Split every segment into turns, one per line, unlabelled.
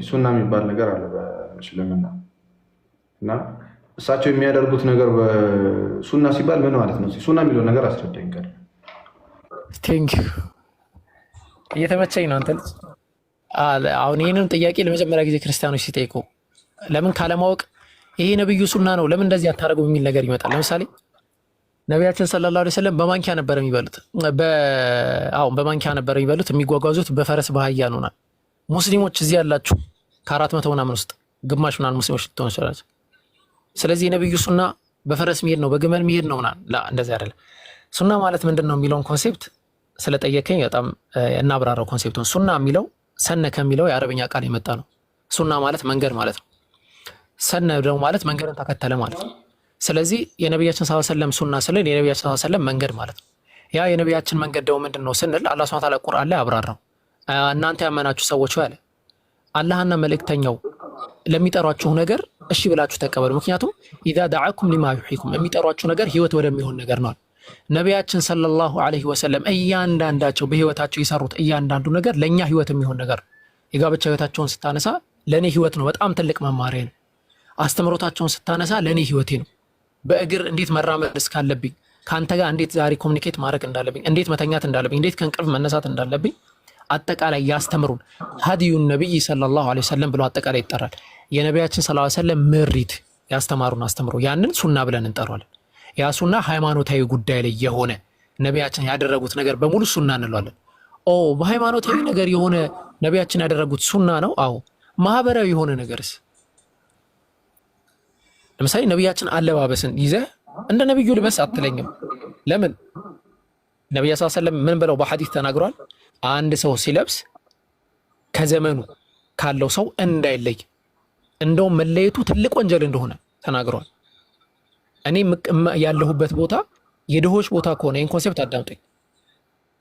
እንግዲህ ሱና የሚባል ነገር አለ በእስልምና እና እሳቸው የሚያደርጉት ነገር ሱና ሲባል ምን ማለት ነው? ሱና የሚለው ነገር አስረዳኝ።
ቀ እየተመቸኝ ነው። አንተ ልጅ አሁን ይህንን ጥያቄ ለመጀመሪያ ጊዜ ክርስቲያኖች ሲጠይቁ ለምን ካለማወቅ ይሄ ነብዩ ሱና ነው ለምን እንደዚህ አታደርጉም የሚል ነገር ይመጣል። ለምሳሌ ነቢያችን ሰለላሁ ዐለይሂ ወሰለም በማንኪያ ነበር የሚበሉት። አሁን በማንኪያ ነበር የሚበሉት። የሚጓጓዙት በፈረስ በአህያ ነውና ሙስሊሞች እዚህ ያላችሁ ከአራት መቶ ምናምን ውስጥ ግማሽ ምናምን ሙስሊሞች ልትሆን ይችላል። ስለዚህ የነብዩ ሱና በፈረስ መሄድ ነው፣ በግመል መሄድ ነው ምናምን እንደዚህ አይደለም። ሱና ማለት ምንድን ነው የሚለውን ኮንሴፕት ስለጠየከኝ በጣም እናብራራው ኮንሴፕቱን። ሱና የሚለው ሰነ ከሚለው የአረበኛ ቃል የመጣ ነው። ሱና ማለት መንገድ ማለት ነው። ሰነ ደግሞ ማለት መንገድን ተከተለ ማለት ነው። ስለዚህ የነቢያችን ስ ሰለም ሱና ስንል የነቢያችን ስ ሰለም መንገድ ማለት ነው። ያ የነቢያችን መንገድ ደግሞ ምንድን ነው ስንል አላህ ሱብሓነሁ ቁርአን ላይ አብራራው። እናንተ ያመናችሁ ሰዎች አለ አላህና መልእክተኛው ለሚጠሯችሁ ነገር እሺ ብላችሁ ተቀበሉ። ምክንያቱም ኢዛ ዳዓኩም ሊማ ዩሕይኩም የሚጠሯችሁ ነገር ህይወት ወደሚሆን ነገር ነው። ነቢያችን ሰለላሁ ዐለይሂ ወሰለም እያንዳንዳቸው በህይወታቸው የሰሩት እያንዳንዱ ነገር ለእኛ ህይወት የሚሆን ነገር የጋብቻ ህይወታቸውን ስታነሳ ለእኔ ህይወት ነው፣ በጣም ትልቅ መማሪያ ነው። አስተምሮታቸውን ስታነሳ ለእኔ ህይወቴ ነው። በእግር እንዴት መራመድ እስካለብኝ፣ ከአንተ ጋር እንዴት ዛሬ ኮሚኒኬት ማድረግ እንዳለብኝ፣ እንዴት መተኛት እንዳለብኝ፣ እንዴት ከእንቅልፍ መነሳት እንዳለብኝ አጠቃላይ ያስተምሩን ሀዲዩን ነቢይ ሰለላሁ ዐለይሂ ወሰለም ብሎ አጠቃላይ ይጠራል። የነቢያችን ሰለላሁ ዐለይሂ ወሰለም ምሪት ያስተማሩን አስተምሮ ያንን ሱና ብለን እንጠራዋለን። ያ ሱና ሃይማኖታዊ ጉዳይ ላይ የሆነ ነቢያችን ያደረጉት ነገር በሙሉ ሱና እንለዋለን። ኦ በሃይማኖታዊ ነገር የሆነ ነቢያችን ያደረጉት ሱና ነው። አዎ ማህበራዊ የሆነ ነገርስ ለምሳሌ ነቢያችን አለባበስን ይዘህ እንደ ነቢዩ ልበስ አትለኝም። ለምን ነቢያ ሰለም ምን ብለው በሐዲስ ተናግሯል? አንድ ሰው ሲለብስ ከዘመኑ ካለው ሰው እንዳይለይ እንደውም መለየቱ ትልቅ ወንጀል እንደሆነ ተናግረዋል። እኔ ያለሁበት ቦታ የድሆች ቦታ ከሆነ ይህን ኮንሴፕት አዳምጠኝ።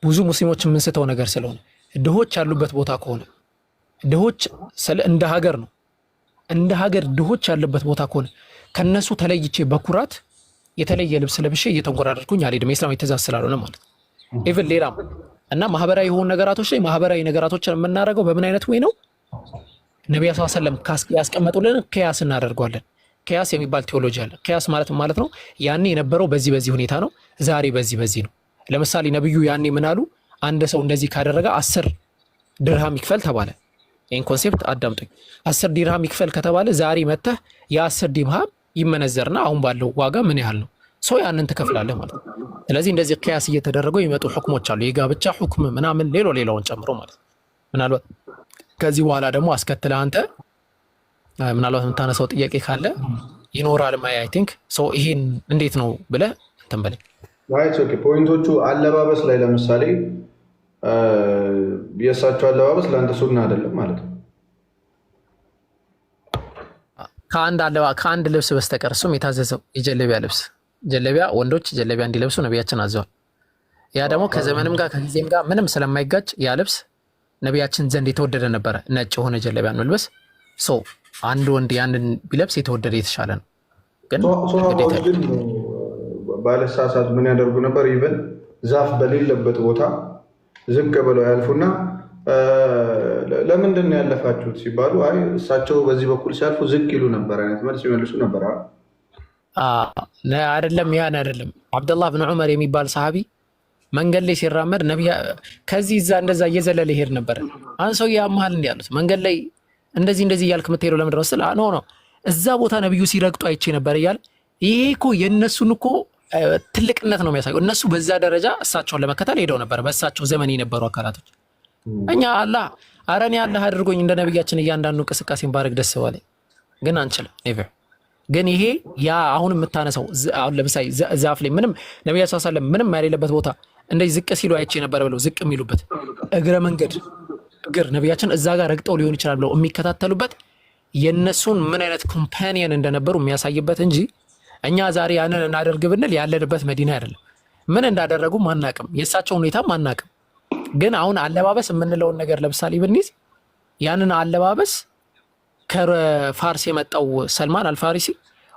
ብዙ ሙስሊሞች የምንስተው ነገር ስለሆነ ድሆች ያሉበት ቦታ ከሆነ ድሆች እንደ ሀገር ነው እንደ ሀገር ድሆች ያለበት ቦታ ከሆነ ከነሱ ተለይቼ በኩራት የተለየ ልብስ ለብሼ እየተንጎራደድኩኝ አልሄድም። የእስላም ትእዛዝ ስላልሆነ ማለት ኢቨን ሌላም እና ማህበራዊ የሆኑ ነገራቶች ላይ ማህበራዊ ነገራቶችን የምናደርገው በምን አይነት ወይ ነው? ነቢያ ሰለም ያስቀመጡልን ከያስ እናደርገዋለን። ከያስ የሚባል ቴዎሎጂ አለ። ከያስ ማለት ማለት ነው ያኔ የነበረው በዚህ በዚህ ሁኔታ ነው፣ ዛሬ በዚህ በዚህ ነው። ለምሳሌ ነብዩ ያኔ ምን አሉ? አንድ ሰው እንደዚህ ካደረገ አስር ድርሃም ይክፈል ተባለ። ይህን ኮንሴፕት አዳምጡኝ። አስር ድርሃም ይክፈል ከተባለ ዛሬ መተህ የአስር ድርሃም ይመነዘርና አሁን ባለው ዋጋ ምን ያህል ነው ሰው ያንን ትከፍላለህ ማለት ነው። ስለዚህ እንደዚህ ቅያስ እየተደረገው ይመጡ ህክሞች አሉ። የጋብቻ ህክም ምናምን ሌሎ ሌላውን ጨምሮ ማለት ነው። ምናልባት ከዚህ በኋላ ደግሞ አስከትለ አንተ ምናልባት የምታነሳው ጥያቄ ካለ ይኖራል። ማይ አይ ቲንክ ሰው ይሄን እንዴት ነው ብለህ እንትን በለኝ።
ፖይንቶቹ አለባበስ ላይ ለምሳሌ የእሳቸው አለባበስ ለአንተ ሱና አይደለም ማለት ነው
ከአንድ ልብስ በስተቀር እሱም የታዘዘው የጀለቢያ ልብስ ጀለቢያ ወንዶች ጀለቢያ እንዲለብሱ ነቢያችን አዘዋል። ያ ደግሞ ከዘመንም ጋር ከጊዜም ጋር ምንም ስለማይጋጭ ያ ልብስ ነቢያችን ዘንድ የተወደደ ነበረ። ነጭ የሆነ ጀለቢያን መልበስ ሶ አንድ ወንድ ያንን ቢለብስ የተወደደ የተሻለ ነው።
ግን ባለሳሳት ምን ያደርጉ ነበር? ይብን ዛፍ በሌለበት ቦታ ዝቅ ብለው ያልፉና ለምንድን ነው ያለፋችሁት ሲባሉ አይ እሳቸው በዚህ በኩል ሲያልፉ ዝቅ ይሉ ነበር አይነት መልስ ይመልሱ ነበር።
አይደለም ያን አይደለም። አብደላህ ብን ዑመር የሚባል ሰሃቢ መንገድ ላይ ሲራመድ ነቢያ ከዚህ እዛ እንደዛ እየዘለለ ይሄድ ነበር። አንድ ሰው ያመሃል እንዲ ያሉት መንገድ ላይ እንደዚህ እንደዚህ እያልክ የምትሄደው ለምንድን ነው ስል ኖ ነው እዛ ቦታ ነቢዩ ሲረግጡ አይቼ ነበር እያለ ይሄ እኮ የእነሱን እኮ ትልቅነት ነው የሚያሳየው። እነሱ በዛ ደረጃ እሳቸውን ለመከተል ሄደው ነበር፣ በእሳቸው ዘመን የነበሩ አካላቶች። እኛ አላህ አረ እኔ አላህ አድርጎኝ እንደ ነቢያችን እያንዳንዱ እንቅስቃሴን ባረግ ደስ ባለኝ፣ ግን አንችልም ግን ይሄ ያ አሁን የምታነሳው አሁን ለምሳሌ ዛፍ ላይ ምንም ነቢያ ሳለም ምንም ያሌለበት ቦታ እንደዚህ ዝቅ ሲሉ አይቼ ነበር ብለው ዝቅ የሚሉበት እግረ መንገድ እግር ነቢያችን እዛ ጋር ረግጠው ሊሆን ይችላል ብለው የሚከታተሉበት የእነሱን ምን አይነት ኮምፓኒየን እንደነበሩ የሚያሳይበት እንጂ እኛ ዛሬ ያንን እናደርግ ብንል ያለንበት መዲና አይደለም። ምን እንዳደረጉ አናቅም፣ የእሳቸው ሁኔታ አናቅም። ግን አሁን አለባበስ የምንለውን ነገር ለምሳሌ ብንይዝ ያንን አለባበስ ከፋርስ የመጣው ሰልማን አልፋሪሲ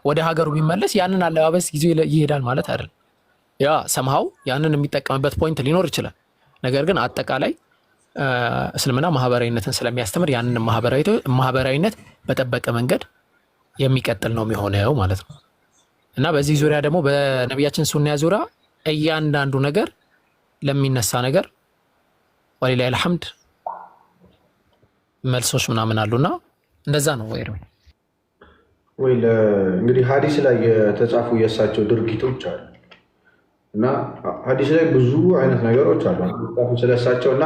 ወደ ሀገሩ ቢመለስ ያንን አለባበስ ይዞ ይሄዳል ማለት አይደል? ያ ሰምሃው ያንን የሚጠቀምበት ፖይንት ሊኖር ይችላል። ነገር ግን አጠቃላይ እስልምና ማህበራዊነትን ስለሚያስተምር ያንን ማህበራዊነት በጠበቀ መንገድ የሚቀጥል ነው የሚሆነው ማለት ነው እና በዚህ ዙሪያ ደግሞ በነቢያችን ሱኒያ ዙሪያ እያንዳንዱ ነገር ለሚነሳ ነገር ወሊላሂ ልሐምድ መልሶች ምናምን አሉና እንደዛ ነው ወይ
ወይ እንግዲህ ሀዲስ ላይ የተጻፉ የእሳቸው ድርጊቶች አሉ እና ሀዲስ ላይ ብዙ አይነት ነገሮች አሉ ጻፉ ስለእሳቸው እና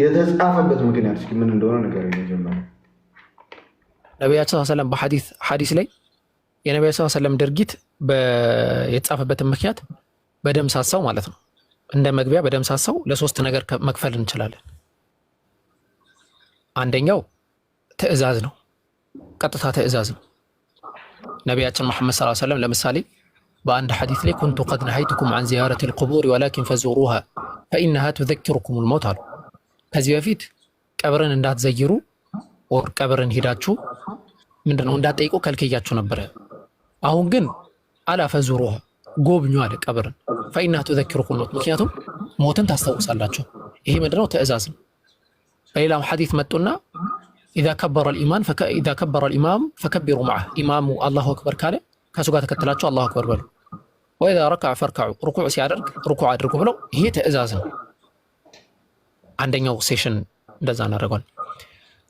የተጻፈበት ምክንያት እስኪ ምን እንደሆነ ነገር የጀመረ
ነቢያችን ስ ሰለም በሀዲስ ሀዲስ ላይ የነቢያ ስ ሰለም ድርጊት የተጻፈበትን ምክንያት በደምሳሳው ማለት ነው እንደ መግቢያ በደምሳሳው ለሶስት ነገር መክፈል እንችላለን አንደኛው ትዕዛዝ ነው። ቀጥታ ትዕዛዝ ነው። ነቢያችን መሐመድ ሰለላሁ ዐለይሂ ወሰለም ለምሳሌ በአንድ ሐዲስ ላይ ኩንቱ ቀድ ነሐይቱኩም አን ዚያረት ልቁቡር ወላኪን ፈዙሩሃ ፈኢነሃ ቱዘኪሩኩም ልመውት አሉ። ከዚህ በፊት ቀብርን እንዳትዘይሩ ወር ቀብርን ሄዳችሁ ምንድነው እንዳትጠይቁ ከልክያችሁ ነበረ። አሁን ግን አላ ፈዙሩሃ ጎብኙ አለ ቀብርን፣ ፈኢነሃ ቱዘኪሩኩም ልመውት ምክንያቱም ሞትን ታስታውሳላችሁ። ይሄ ምንድነው ትዕዛዝ ነው። በሌላም ሐዲት መጡና ኢዛ ከበረ ልኢማም ፈከቢሩ መዓ ኢማሙ አላሁ አክበር ካለ ከሱ ጋር ተከትላቸው አላሁ አክበር በሉ። ወኢዛ ረካዕ ፈርካዑ ርኩዕ ሲያደርግ ርኩዕ አድርጉ ብለው ይሄ ትዕዛዝ ነው። አንደኛው ሴሽን እንደዛ እናደርገዋል።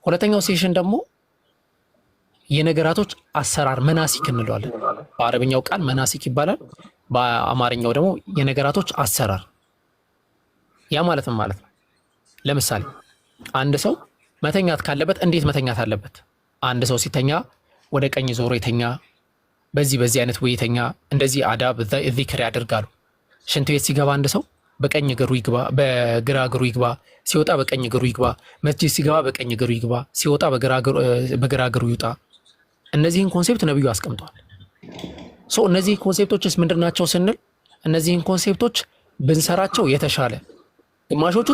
ሁለተኛው ሴሽን ደግሞ የነገራቶች አሰራር መናሲክ እንለዋለን። በአረብኛው ቃል መናሲክ ይባላል። በአማርኛው ደግሞ የነገራቶች አሰራር ያ ማለት ማለት ነው። ለምሳሌ አንድ ሰው መተኛት ካለበት እንዴት መተኛት አለበት? አንድ ሰው ሲተኛ ወደ ቀኝ ዞሮ የተኛ፣ በዚህ በዚህ አይነት ውይተኛ የተኛ፣ እንደዚህ አዳብ ዚክር ያደርጋሉ። ሽንት ቤት ሲገባ አንድ ሰው በቀኝ እግሩ ይግባ፣ በግራ እግሩ ይግባ፣ ሲወጣ በቀኝ እግሩ ይግባ፣ መስጂድ ሲገባ በቀኝ እግሩ ይግባ፣ ሲወጣ በግራ እግሩ ይውጣ። እነዚህን ኮንሴፕት ነብዩ አስቀምጧል። እነዚህ ኮንሴፕቶችስ ምንድን ናቸው ስንል እነዚህን ኮንሴፕቶች ብንሰራቸው የተሻለ ግማሾቹ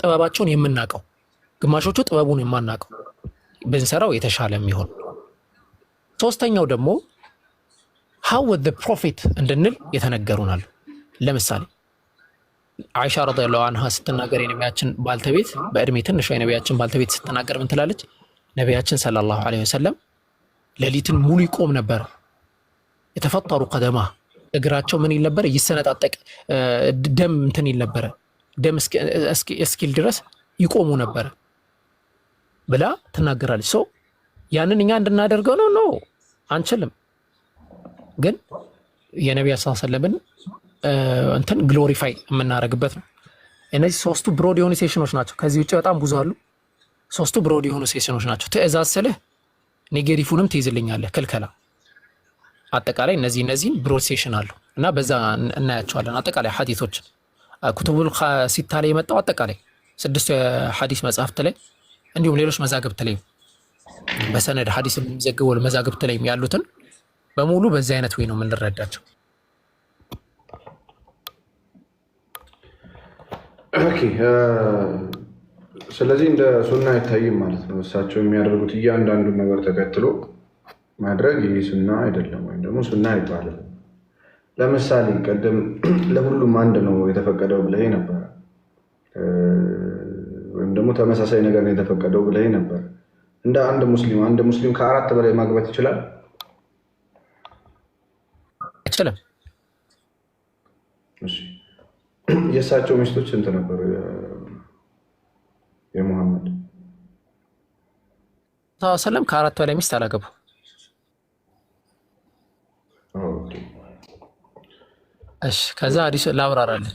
ጥበባቸውን የምናውቀው፣ ግማሾቹ ጥበቡን የማናውቀው ብንሰራው የተሻለ የሚሆን ሶስተኛው ደግሞ ሀው ወ ፕሮፌት እንድንል የተነገሩናል። ለምሳሌ አይሻ ረዲየላሁ አንሃ ስትናገር የነቢያችን ባልተቤት በእድሜ ትንሿ የነቢያችን ባልተቤት ስትናገር ምን ትላለች? ነቢያችን ሰለላሁ ዐለይሂ ወሰለም ሌሊትን ሙሉ ይቆም ነበር። የተፈጠሩ ቀደማ እግራቸው ምን ይል ነበር? ይሰነጣጠቅ ደም እንትን ይል ነበረ ደም እስኪል ድረስ ይቆሙ ነበረ ብላ ትናገራለች። ሰው ያንን እኛ እንድናደርገው ነው ኖ አንችልም። ግን የነቢያ ስ ሰለምን እንትን ግሎሪፋይ የምናደርግበት ነው። እነዚህ ሶስቱ ብሮድ የሆኑ ሴሽኖች ናቸው። ከዚህ ውጭ በጣም ብዙ አሉ። ሶስቱ ብሮድ የሆኑ ሴሽኖች ናቸው። ትእዛዝ ስልህ ኔጌቲፉንም ትይዝልኛለህ፣ ክልከላ አጠቃላይ እነዚህ እነዚህን ብሮድ ሴሽን አሉ እና በዛ እናያቸዋለን አጠቃላይ ሀዲቶችን ኩቱቡል ሲታ ላይ የመጣው አጠቃላይ ስድስቱ የሀዲስ መጽሐፍት ላይ እንዲሁም ሌሎች መዛግብት ላይ በሰነድ ሀዲስ የሚዘግቡ መዛግብት ላይ ያሉትን በሙሉ በዚህ አይነት ወይ ነው የምንረዳቸው።
ስለዚህ እንደ ሱና አይታይም ማለት ነው። እሳቸው የሚያደርጉት እያንዳንዱን ነገር ተከትሎ ማድረግ ይህ ሱና አይደለም ወይም ደግሞ ሱና አይባልም። ለምሳሌ ቀደም ለሁሉም አንድ ነው የተፈቀደው ብለይ ነበር፣ ወይም ደግሞ ተመሳሳይ ነገር ነው የተፈቀደው ብለይ ነበር። እንደ አንድ ሙስሊም አንድ ሙስሊም ከአራት በላይ ማግባት ይችላል? አይችልም። የእሳቸው ሚስቶች ስንት ነበሩ? የሙሐመድ
ሰለም ከአራት በላይ ሚስት አላገቡ እሺ ከዛ አዲስ ላብራራለን።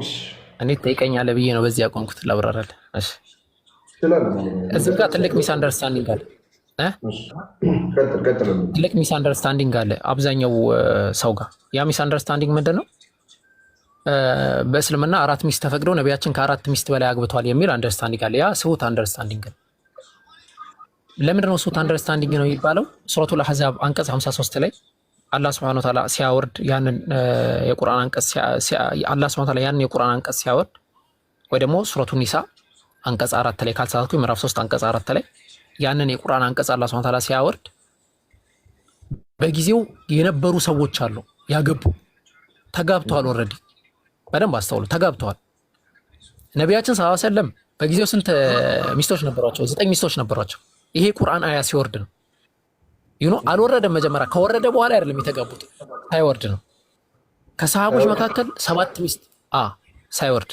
እሺ እኔ ትጠይቀኛለህ ብዬ ነው በዚህ ያቆምኩት። ላብራራለን። እሺ እዚህ ጋር ትልቅ ሚስ አንደርስታንዲንግ አለ እ ትልቅ ሚስ አንደርስታንዲንግ አለ አብዛኛው ሰው ጋር። ያ ሚስ አንደርስታንዲንግ ምንድን ነው? በእስልምና አራት ሚስት ተፈቅዶ ነቢያችን ከአራት ሚስት በላይ አግብተዋል የሚል አንደርስታንዲንግ አለ። ያ ስሁት አንደርስታንዲንግ ነው። ለምንድን ነው ስሁት አንደርስታንዲንግ ነው የሚባለው? ሱረቱል አህዛብ አንቀጽ 53 ላይ አላህ ስብሐነ ወተዓላ ሲያወርድ ያንን የቁርአን አንቀጽ አላህ ወተዓላ ያንን የቁርአን አንቀጽ ሲያወርድ ወይ ደግሞ ሱረቱ ኒሳ አንቀጽ አራት ላይ ካልተሳሳትኩኝ ምዕራፍ ሶስት አንቀጽ አራት ላይ ያንን የቁርአን አንቀጽ አላህ ስብሐነ ወተዓላ ሲያወርድ በጊዜው የነበሩ ሰዎች አሉ ያገቡ ተጋብተዋል። ኦልሬዲ በደንብ አስተውሉ፣ ተጋብተዋል። ነቢያችን ሰለላሁ ዐለይሂ ወሰለም በጊዜው ስንት ሚስቶች ነበሯቸው? ዘጠኝ ሚስቶች ነበሯቸው። ይሄ ቁርአን አያ ሲወርድ ነው። ዩኖ አልወረደም። መጀመሪያ ከወረደ በኋላ አይደለም የተጋቡት፣ ሳይወርድ ነው። ከሰሃቦች መካከል ሰባት ሚስት ሳይወርድ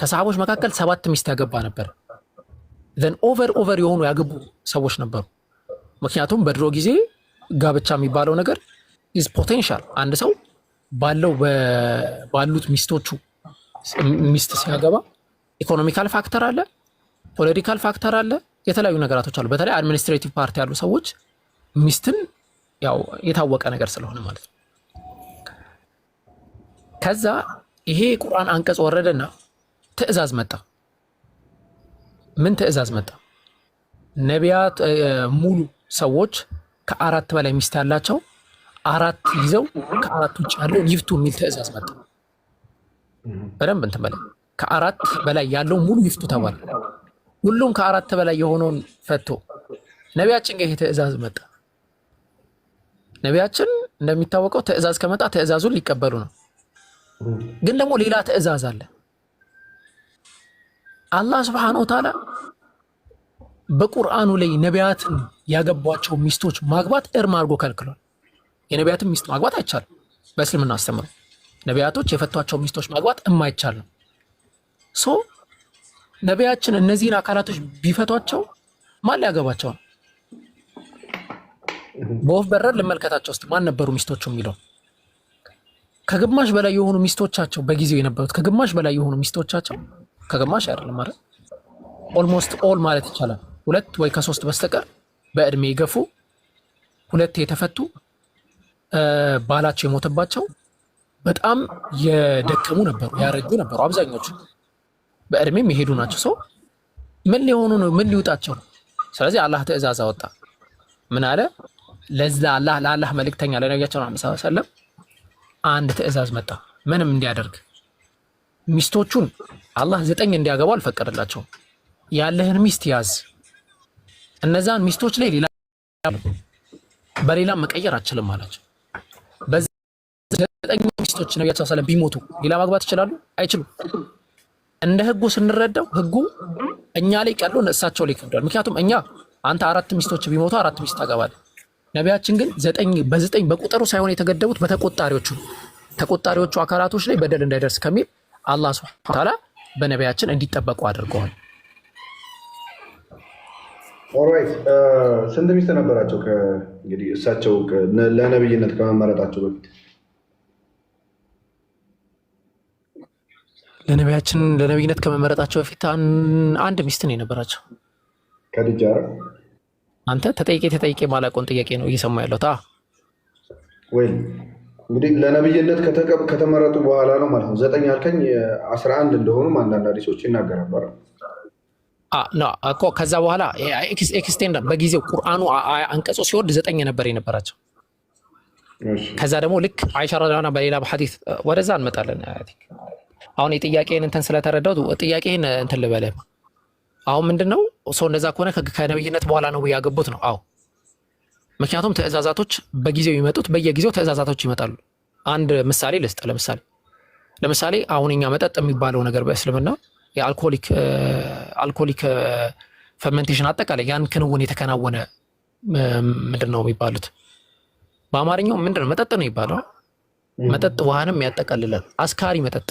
ከሰሃቦች መካከል ሰባት ሚስት ያገባ ነበር። ዘን ኦቨር ኦቨር የሆኑ ያገቡ ሰዎች ነበሩ። ምክንያቱም በድሮ ጊዜ ጋብቻ የሚባለው ነገር ኢዝ ፖቴንሻል። አንድ ሰው ባለው ባሉት ሚስቶቹ ሚስት ሲያገባ ኢኮኖሚካል ፋክተር አለ፣ ፖለቲካል ፋክተር አለ፣ የተለያዩ ነገራቶች አሉ። በተለይ አድሚኒስትሬቲቭ ፓርቲ ያሉ ሰዎች ሚስትን ያው የታወቀ ነገር ስለሆነ ማለት ነው። ከዛ ይሄ ቁርአን አንቀጽ ወረደና ትዕዛዝ መጣ። ምን ትዕዛዝ መጣ? ነቢያት ሙሉ ሰዎች ከአራት በላይ ሚስት ያላቸው አራት ይዘው ከአራት ውጭ ያለውን ይፍቱ የሚል ትዕዛዝ መጣ። በደንብ እንትን በላይ ከአራት በላይ ያለው ሙሉ ይፍቱ ተባለ። ሁሉም ከአራት በላይ የሆነውን ፈቶ ነቢያችን ጋር ይሄ ትዕዛዝ መጣ። ነቢያችን እንደሚታወቀው ትእዛዝ ከመጣ ትእዛዙን ሊቀበሉ ነው። ግን ደግሞ ሌላ ትእዛዝ አለ። አላህ ስብሐነሁ ወተዓላ በቁርአኑ ላይ ነቢያትን ያገቧቸው ሚስቶች ማግባት እርም አድርጎ ከልክሏል። የነቢያትን ሚስት ማግባት አይቻልም። በእስልምና አስተምሮ ነቢያቶች የፈቷቸው ሚስቶች ማግባት እማይቻልም። ሶ ነቢያችን እነዚህን አካላቶች ቢፈቷቸው ማን ሊያገባቸው ነው? በወፍ በረር ልመልከታቸው ውስጥ ማን ነበሩ ሚስቶቹ የሚለው ከግማሽ በላይ የሆኑ ሚስቶቻቸው በጊዜው የነበሩት ከግማሽ በላይ የሆኑ ሚስቶቻቸው ከግማሽ አይደለም ማለት ኦልሞስት ኦል ማለት ይቻላል ሁለት ወይ ከሶስት በስተቀር በእድሜ የገፉ ሁለት የተፈቱ ባላቸው የሞተባቸው በጣም የደከሙ ነበሩ፣ ያረጁ ነበሩ። አብዛኞቹ በእድሜም የሄዱ ናቸው። ሰው ምን ሊሆኑ ነው? ምን ሊውጣቸው ነው? ስለዚህ አላህ ትዕዛዝ አወጣ። ምን አለ? ለዛ አላህ ለአላህ መልእክተኛ ለነቢያቸው ዐለይሂ ሰላም አንድ ትእዛዝ መጣ። ምንም እንዲያደርግ ሚስቶቹን አላህ ዘጠኝ እንዲያገቡ አልፈቀደላቸውም። ያለህን ሚስት ያዝ፣ እነዛን ሚስቶች ላይ ሌላ በሌላም መቀየር አችልም አላቸው። ዘጠኝ ሚስቶች ነቢያቸው ሰላም ቢሞቱ ሌላ ማግባት ይችላሉ? አይችሉም። እንደ ህጉ ስንረዳው ህጉ እኛ ላይ ቀሎ እሳቸው ላይ ይከብዳል። ምክንያቱም እኛ አንተ አራት ሚስቶች ቢሞቱ አራት ሚስት ታገባለህ ነቢያችን ግን ዘጠኝ በዘጠኝ በቁጥሩ ሳይሆን የተገደቡት በተቆጣሪዎቹ ተቆጣሪዎቹ አካላቶች ላይ በደል እንዳይደርስ ከሚል አላህ ሱብሐነሁ ወተዓላ በነቢያችን እንዲጠበቁ አድርገዋል።
ኦራይት uh, ስንት ሚስት ነበራቸው? እንግዲህ እሳቸው ለነብይነት ከመመረጣቸው በፊት
ለነቢያችን ለነብይነት ከመመረጣቸው በፊት አንድ ሚስት ነው የነበራቸው። ከድጃ አንተ ተጠይቄ ተጠይቄ ማላቆን ጥያቄ ነው እየሰማ ያለሁት
ወይ? እንግዲህ ለነብይነት ከተመረጡ በኋላ ነው ማለት ነው። ዘጠኝ ያልከኝ አስራ አንድ እንደሆኑም አንዳንድ አዲሶች ይናገር
እኮ። ከዛ በኋላ ኤክስቴንድ በጊዜው ቁርአኑ አንቀጾ ሲወርድ ዘጠኝ ነበር የነበራቸው። ከዛ ደግሞ ልክ አይሻ ረዳና በሌላ ሀዲስ ወደዛ እንመጣለን። አሁን የጥያቄን እንትን ስለተረዳው ጥያቄን እንትን ልበለ አሁን ምንድን ነው ሰው እንደዛ ከሆነ ከነብይነት በኋላ ነው ያገቡት ነው። አዎ ምክንያቱም ትእዛዛቶች በጊዜው ይመጡት በየጊዜው ትእዛዛቶች ይመጣሉ። አንድ ምሳሌ ልስጥ። ለምሳሌ ለምሳሌ አሁን እኛ መጠጥ የሚባለው ነገር በእስልምና የአልኮሊክ አልኮሊክ ፈርመንቴሽን አጠቃላይ ያን ክንውን የተከናወነ ምንድን ነው የሚባሉት? በአማርኛው ምንድን ነው መጠጥ ነው ይባለው። መጠጥ ውሃንም ያጠቃልላል። አስካሪ መጠጥ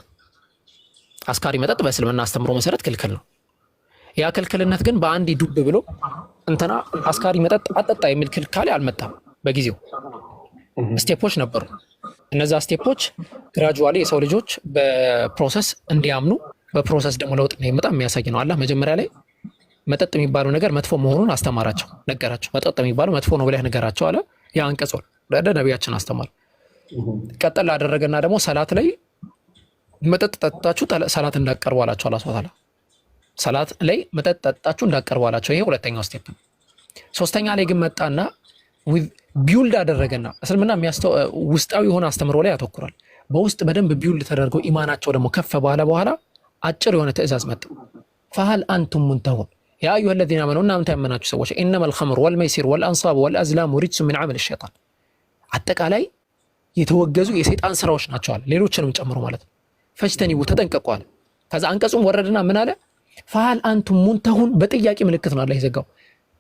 አስካሪ መጠጥ በእስልምና አስተምሮ መሰረት ክልክል ነው። ያ ክልክልነት ግን በአንድ ዱብ ብሎ እንትና አስካሪ መጠጥ አጠጣ የሚል ክልካሌ አልመጣም። በጊዜው ስቴፖች ነበሩ። እነዛ ስቴፖች ግራጁዋሊ የሰው ልጆች በፕሮሰስ እንዲያምኑ በፕሮሰስ ደግሞ ለውጥ እንዳይመጣ የሚያሳይ ነው። አላህ መጀመሪያ ላይ መጠጥ የሚባለው ነገር መጥፎ መሆኑን አስተማራቸው፣ ነገራቸው። መጠጥ የሚባለው መጥፎ ነው ብለህ ነገራቸው አለ። ያ አንቀጽ ወደ ነቢያችን አስተማር። ቀጠል አደረገና ደግሞ ሰላት ላይ መጠጥ ጠጥታችሁ ሰላት እንዳቀርቡ አላቸው አላ ሰላት ላይ መጠጥ ጠጣችሁ እንዳቀርቧላቸው። ይሄ ሁለተኛው ስቴፕ ነው። ሶስተኛ ላይ ግን መጣና ቢውልድ አደረገና እስልምና ውስጣዊ የሆነ አስተምሮ ላይ ያተኩራል። በውስጥ በደንብ ቢውልድ ተደርገው ኢማናቸው ደግሞ ከፈ ባለ በኋላ አጭር የሆነ ትእዛዝ መጣ። ፈሃል አንቱም ሙንተሁን ያ አዩሃ ለዚነ አመኑ እናንተ ያመናችሁ ሰዎች ኢነማ አልኸምር ወልመይሲር ወልአንሳብ ወልአዝላሙ ሪጅሱ ምን ዐመል ሸይጣን አጠቃላይ የተወገዙ የሰይጣን ስራዎች ናቸው አለ። ሌሎችንም ጨምሮ ማለት ነው። ፈጅተኒቡ ተጠንቀቁ አለ። ከዛ አንቀጹም ወረድና ምን አለ ፈሃል አንቱም ሙንተሁን በጥያቄ ምልክት ነው አላ የዘጋው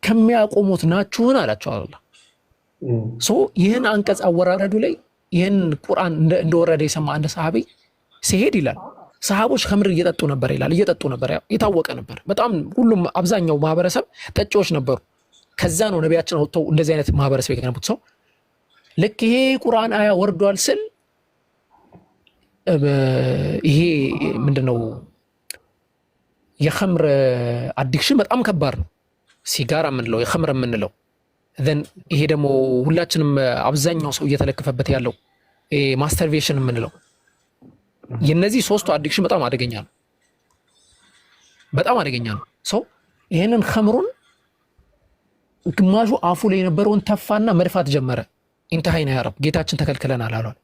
ከሚያቆሙት ናችሁን አላቸው አላ ይህን አንቀጽ አወራረዱ ላይ ይህን ቁርአን እንደወረደ የሰማ አንድ ሰሃቢ ሲሄድ ይላል ሰሃቦች ከምድር እየጠጡ ነበር ይላል። እየጠጡ ነበር፣ የታወቀ ነበር። በጣም ሁሉም አብዛኛው ማህበረሰብ ጠጪዎች ነበሩ። ከዛ ነው ነቢያችን አውጥተው እንደዚህ አይነት ማህበረሰብ የገነቡት። ሰው ልክ ይሄ ቁርአን አያ ወርዷል ስል ይሄ ምንድነው። ነው የኸምር አዲክሽን በጣም ከባድ ነው። ሲጋራ የምንለው የኸምር የምንለው ዘን ይሄ ደግሞ ሁላችንም አብዛኛው ሰው እየተለከፈበት ያለው ማስተርቬሽን የምንለው የነዚህ ሶስቱ አዲክሽን በጣም አደገኛ ነው። በጣም አደገኛ ነው። ሰው ይህንን ኸምሩን ግማሹ አፉ ላይ የነበረውን ተፋና መድፋት ጀመረ። ኢንተሃይና ያረብ ጌታችን ተከልክለናል አሏል።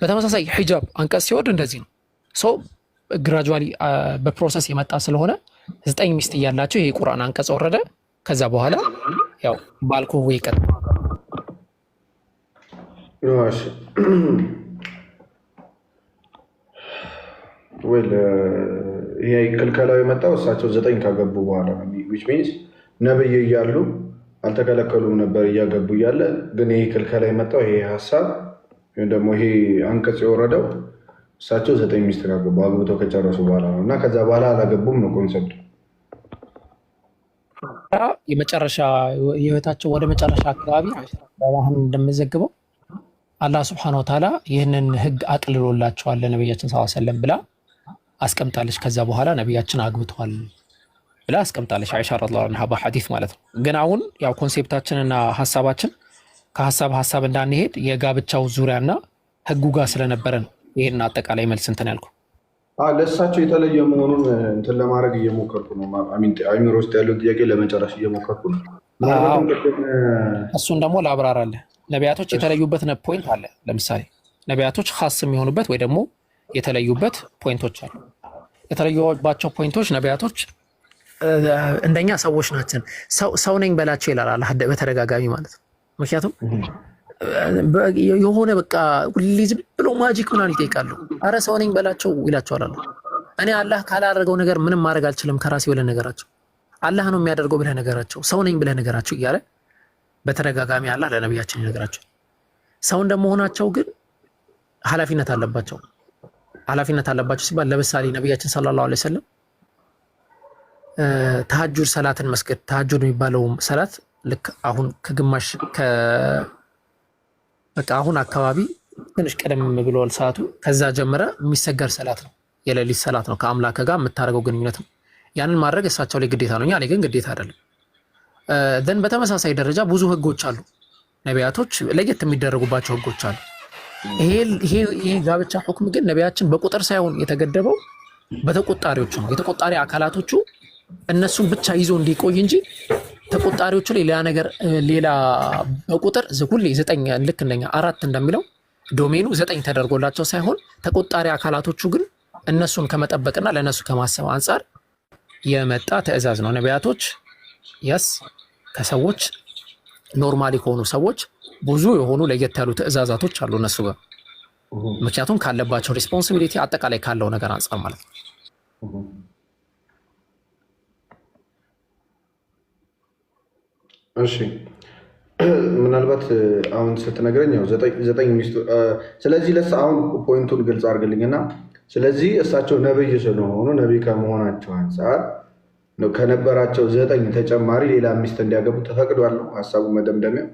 በተመሳሳይ ሒጃብ አንቀጽ ሲወድ እንደዚህ ነው ሰው ግራጁዋሊ በፕሮሰስ የመጣ ስለሆነ ዘጠኝ ሚስት እያላቸው ይሄ ቁርአን አንቀጽ ወረደ። ከዛ በኋላ ያው ባልኩ ይቀጥ
ይሄ ክልከላው የመጣው እሳቸው ዘጠኝ ካገቡ በኋላ ዊች ሚንስ ነብይ እያሉ አልተከለከሉም ነበር እያገቡ እያለ ግን ይሄ ክልከላ የመጣው ይሄ ሀሳብ ወይም ደግሞ ይሄ አንቀጽ የወረደው እሳቸው ዘጠኝ ሚስት ካገቡ አግብተው ከጨረሱ በኋላ ነው እና ከዛ በኋላ አላገቡም ነው ኮንሰብቱ።
የመጨረሻ የህይወታቸው ወደ መጨረሻ አካባቢ በባህን እንደምዘግበው አላህ ስብሐነሁ ወተዓላ ይህንን ህግ አቅልሎላቸዋል ለነቢያችን ሰለላሁ ዐለይሂ ወሰለም ብላ አስቀምጣለች። ከዛ በኋላ ነቢያችን አግብተዋል ብላ አስቀምጣለች አይሻ ረላ ዐንሃ በሐዲስ ማለት ነው። ግን አሁን ያው ኮንሴፕታችንና ሀሳባችን ከሀሳብ ሀሳብ እንዳንሄድ የጋብቻው ዙሪያና ህጉ ጋር ስለነበረ ነው ይህን አጠቃላይ መልስ እንትን ያልኩ
ለእሳቸው የተለየ መሆኑን እንትን ለማድረግ እየሞከርኩ ነው። አይምሮ ውስጥ ያለውን ጥያቄ ለመጨረስ እየሞከርኩ ነው።
እሱን ደግሞ ላብራራለህ። ነቢያቶች የተለዩበት ፖይንት አለ። ለምሳሌ ነቢያቶች ሀስ የሚሆኑበት ወይ ደግሞ የተለዩበት ፖይንቶች አሉ። የተለዩባቸው ፖይንቶች ነቢያቶች እንደኛ ሰዎች ናችን ሰው ነኝ በላቸው ይላል በተደጋጋሚ ማለት ነው። ምክንያቱም የሆነ በቃ ሁሌ ዝም ብሎ ማጂክ ምናምን ይጠይቃሉ። አረ ሰው ነኝ በላቸው ይላቸዋል አሉ። እኔ አላህ ካላደረገው ነገር ምንም ማድረግ አልችልም ከራሴ ብለህ ነገራቸው። አላህ ነው የሚያደርገው ብለህ ነገራቸው። ሰው ነኝ ብለህ ነገራቸው እያለ በተደጋጋሚ አላህ ለነቢያችን ይነገራቸው። ሰው እንደመሆናቸው ግን ኃላፊነት አለባቸው። ኃላፊነት አለባቸው ሲባል ለምሳሌ ነቢያችን ሰለላሁ ዐለይሂ ወሰለም ተሐጁድ ሰላትን መስገድ ተሐጁድ የሚባለው ሰላት ልክ አሁን ከግማሽ በቃ አሁን አካባቢ ትንሽ ቀደም ብለዋል ሰዓቱ። ከዛ ጀምረ የሚሰገር ሰላት ነው፣ የሌሊት ሰላት ነው። ከአምላክ ጋር የምታደርገው ግንኙነት ነው። ያንን ማድረግ እሳቸው ላይ ግዴታ ነው፣ ግን ግዴታ አይደለም። ዘን በተመሳሳይ ደረጃ ብዙ ህጎች አሉ፣ ነቢያቶች ለየት የሚደረጉባቸው ህጎች አሉ። ይሄ ጋብቻ ሁክም ግን ነቢያችን በቁጥር ሳይሆን የተገደበው በተቆጣሪዎቹ ነው። የተቆጣሪ አካላቶቹ እነሱን ብቻ ይዞ እንዲቆይ እንጂ ተቆጣሪዎቹ ላይ ሌላ ነገር ሌላ በቁጥር ሁሌ ዘጠኝ ልክ እንደኛ አራት እንደሚለው ዶሜኑ ዘጠኝ ተደርጎላቸው ሳይሆን ተቆጣሪ አካላቶቹ ግን እነሱን ከመጠበቅና ለእነሱ ከማሰብ አንጻር የመጣ ትዕዛዝ ነው። ነቢያቶች የስ ከሰዎች ኖርማሊ ከሆኑ ሰዎች ብዙ የሆኑ ለየት ያሉ ትዕዛዛቶች አሉ እነሱ ጋር ምክንያቱም ካለባቸው ሪስፖንሲቢሊቲ አጠቃላይ ካለው ነገር አንጻር ማለት ነው።
እሺ ምናልባት አሁን ስትነግረኝ ያው ዘጠኝ ሚስቱ ስለዚህ ለስ አሁን ፖይንቱን ግልጽ አድርግልኝና ስለዚህ እሳቸው ነብይ ስለሆኑ ነቢይ ከመሆናቸው አንጻር ከነበራቸው ዘጠኝ ተጨማሪ ሌላ ሚስት እንዲያገቡ ተፈቅዷል ነው ሀሳቡ መደምደሚያ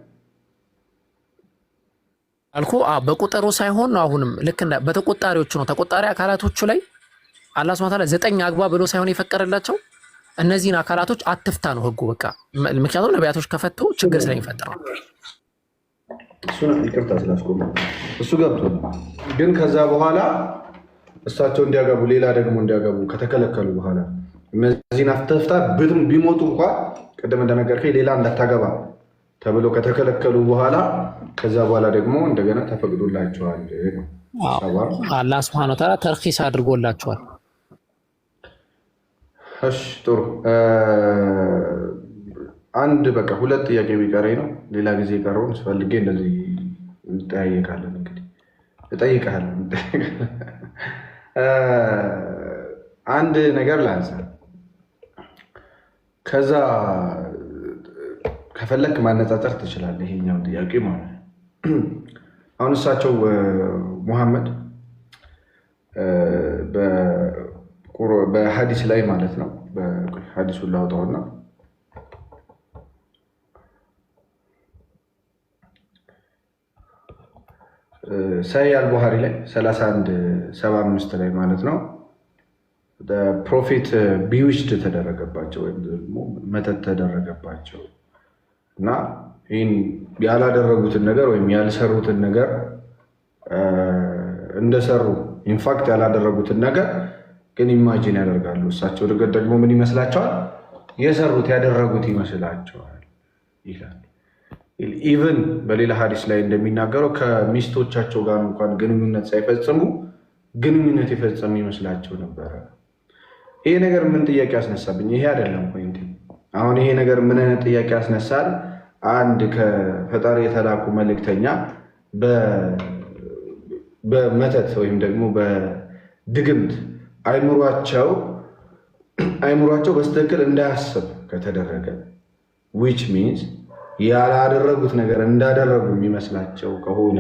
አልኩ በቁጥሩ ሳይሆን ነው አሁንም ልክ በተቆጣሪዎቹ ነው ተቆጣሪ አካላቶቹ ላይ አላህ ስብሐት ዘጠኝ አግባ ብሎ ሳይሆን የፈቀደላቸው እነዚህን አካላቶች አትፍታ ነው ህጉ። በቃ ምክንያቱም ነቢያቶች ከፈቱ ችግር ስለሚፈጥር ነው።
እሱን ይቅርታ ስላስቆመ እሱ ገብቶ ግን ከዛ በኋላ እሳቸው እንዲያገቡ ሌላ ደግሞ እንዲያገቡ ከተከለከሉ በኋላ እነዚህን አትፍታ ብትም ቢሞቱ እንኳ ቅድም እንደነገርከኝ ሌላ እንዳታገባ ተብሎ ከተከለከሉ በኋላ ከዛ በኋላ ደግሞ እንደገና ተፈቅዶላቸዋል።
አላህ ስብሐነ ወተዓላ ተርኪስ አድርጎላቸዋል።
እሺ ጥሩ። አንድ በቃ ሁለት ጥያቄ ቢቀረኝ ነው። ሌላ ጊዜ ቀረውን ስፈልጌ እንደዚህ እንጠያየቃለን። እንግዲህ እጠይቃለሁ። አንድ ነገር ላንሳ፣ ከዛ ከፈለክ ማነጻጸር ትችላለህ። ይሄኛው ጥያቄ ማለት አሁን እሳቸው ሙሐመድ በሀዲስ ላይ ማለት ነው። ሀዲሱን ላውጣውና ሰይ አልቡሃሪ ላይ 3175 ላይ ማለት ነው ፕሮፌት ቢዊችድ ተደረገባቸው ወይም ደግሞ መተት ተደረገባቸው እና ይህን ያላደረጉትን ነገር ወይም ያልሰሩትን ነገር እንደሰሩ ኢንፋክት ያላደረጉትን ነገር ግን ኢማጂን ያደርጋሉ። እሳቸው ድገት ደግሞ ምን ይመስላቸዋል? የሰሩት ያደረጉት ይመስላቸዋል ይላል። ኢቨን በሌላ ሀዲስ ላይ እንደሚናገረው ከሚስቶቻቸው ጋር እንኳን ግንኙነት ሳይፈጽሙ ግንኙነት የፈጸሙ ይመስላቸው ነበረ። ይሄ ነገር ምን ጥያቄ ያስነሳብኝ? ይሄ አይደለም ፖይንት። አሁን ይሄ ነገር ምን አይነት ጥያቄ ያስነሳል? አንድ ከፈጣሪ የተላኩ መልእክተኛ በመተት ወይም ደግሞ በድግምት አይምሯቸው አይምሯቸው በስትክክል እንዳያስብ ከተደረገ ዊች ሚንስ ያላደረጉት ነገር እንዳደረጉ የሚመስላቸው ከሆነ